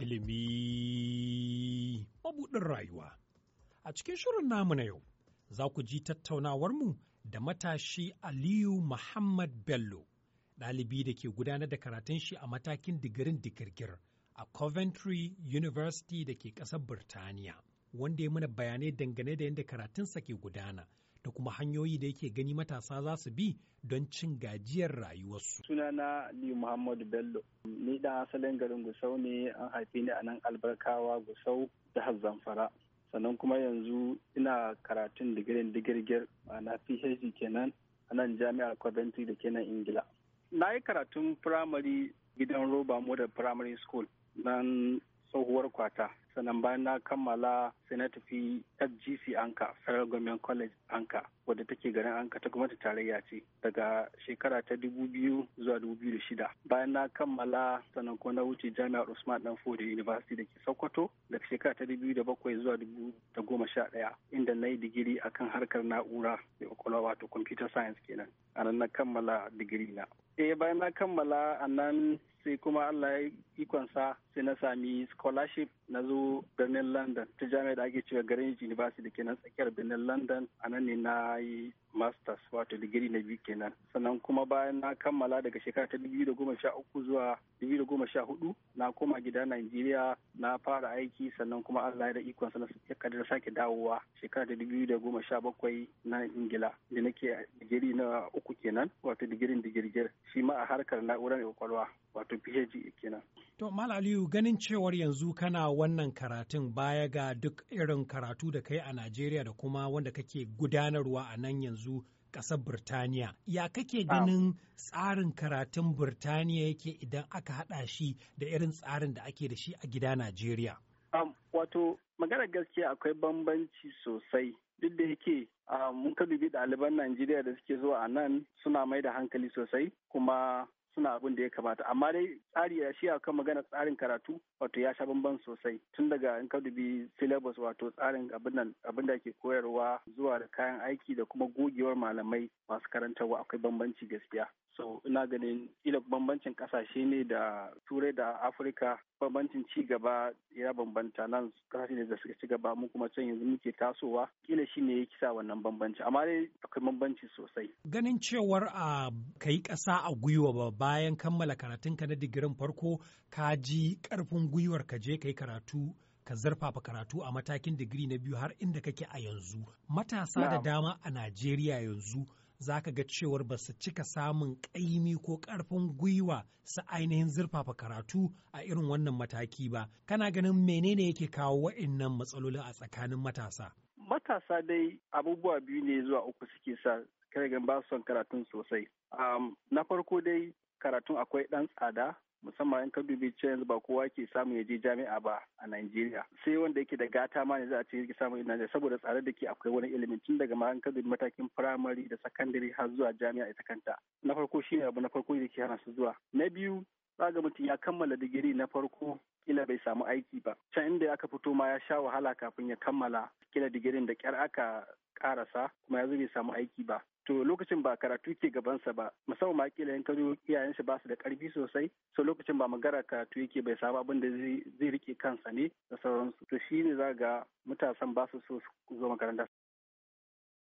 ilimi mabuɗin rayuwa. A cikin shirin namu na yau, za ku ji tattaunawarmu da matashi Aliyu Muhammad Bello, ɗalibi da ke gudanar da karatun shi a matakin digirin digirgir a Coventry University da ke ƙasar Birtaniya, wanda ya mana bayanai dangane da yadda karatunsa ke gudana da kuma hanyoyi da yake gani matasa za su bi don cin gajiyar rayuwarsu. Sunana Ni Muhammadu Bello, ni dan asalin garin Gusau ne an haife ni a nan albarkawa Gusau jihar Zamfara. Sannan kuma yanzu ina karatun digirin digirgir na PhD kenan a nan jami'ar Coventry da kenan Ingila. Na yi karatun firamare gidan roba da primary school nan tsohuwar kwata sannan bayan na kammala sai na tafi fgc anka federal government college anka wadda take garin anka ta gwamnati tarayya ce daga shekara ta dubu biyu zuwa dubu biyu da shida bayan na kammala sannan kuma na wuce jami'ar usman dan fodo university da ke sokoto daga shekara ta dubu da bakwai zuwa dubu da goma sha ɗaya inda na yi digiri akan harkar na'ura da kwakwalwa wato computer science kenan a na kammala digiri na eh bayan na kammala a nan sai kuma Allah ya ikonsa sai na sami scholarship na zo birnin London ta jami'a da ake cewa garin University da kenan tsakiyar birnin London a nan ne na yi masters wato digiri na biyu kenan sannan kuma bayan na kammala daga shekara ta uku zuwa hudu na koma gida Najeriya na fara aiki sannan kuma Allah ya da ikonsa na na sake dawowa shekara ta bakwai na Ingila da nake digiri na uku kenan wato digirin digirgir ma a harkar na'urar kwakwalwa wato PhD kenan. To Mal Aliyu ganin cewar yanzu kana wannan karatun baya ga duk irin karatu da kai a Najeriya da kuma wanda kake gudanarwa a nan yanzu ƙasar Birtaniya. Ya kake ah. ganin tsarin karatun Birtaniya yake idan aka haɗa shi da irin tsarin da ake da shi a gida Najeriya? wato magana gaskiya akwai bambanci sosai duk da yake ah, mun ka dubi ɗaliban Najeriya da suke zuwa a nan suna mai da hankali sosai kuma suna abin da ya kamata amma dai tsari ya shi kan magana tsarin karatu wato ya sha bamban sosai tun daga in ka dubi syllabus wato tsarin abin da ke koyarwa zuwa da kayan aiki da kuma gogewar malamai masu karantarwa akwai bambanci gaskiya so ina ganin ila bambancin kasashe ne da turai da afirka bambancin ci gaba ya bambanta nan kasashe ne da suka ci gaba mu kuma can yanzu muke tasowa kila shi ne ya kisa wannan bambanci amma dai akwai bambanci sosai ganin cewar a ah, kai kasa a gwiwa bayan kammala karatunka na digirin farko ka ji karfin gwiwar ka je ka karatu ka zarfafa karatu a matakin digiri na biyu har inda kake a yanzu matasa da dama a najeriya yanzu za ka ga cewar ba su cika samun ƙaimi ko ƙarfin gwiwa su ainihin zurfafa karatu a irin wannan mataki ba kana ganin menene yake kawo wa'innan matsalolin a tsakanin matasa matasa dai abubuwa biyu ne zuwa uku suke sa kare ba su son karatun sosai na farko dai karatun akwai ɗan tsada musamman in ka dubi ce yanzu ba kowa ke samu ya je jami'a ba a Najeriya sai wanda yake da gata ma ne za a ce yake samu ina saboda tsare da ke akwai wani ilimin tun daga ma in matakin firamare da sakandare har zuwa jami'a ita kanta na farko shine abu na farko da ke hana su zuwa na biyu za mutum ya kammala digiri na farko kila bai samu aiki ba can inda aka fito ma ya sha wahala kafin ya kammala kila digirin da kyar aka karasa kuma ya bai samu aiki ba to lokacin ba karatu ke gabansa ba musamman ma kila yan kano iyayen shi ba su da karfi sosai so lokacin ba magana karatu yake bai samu abin da zai rike kansa ne da sauransu to shine za ga matasan ba su so su zo makaranta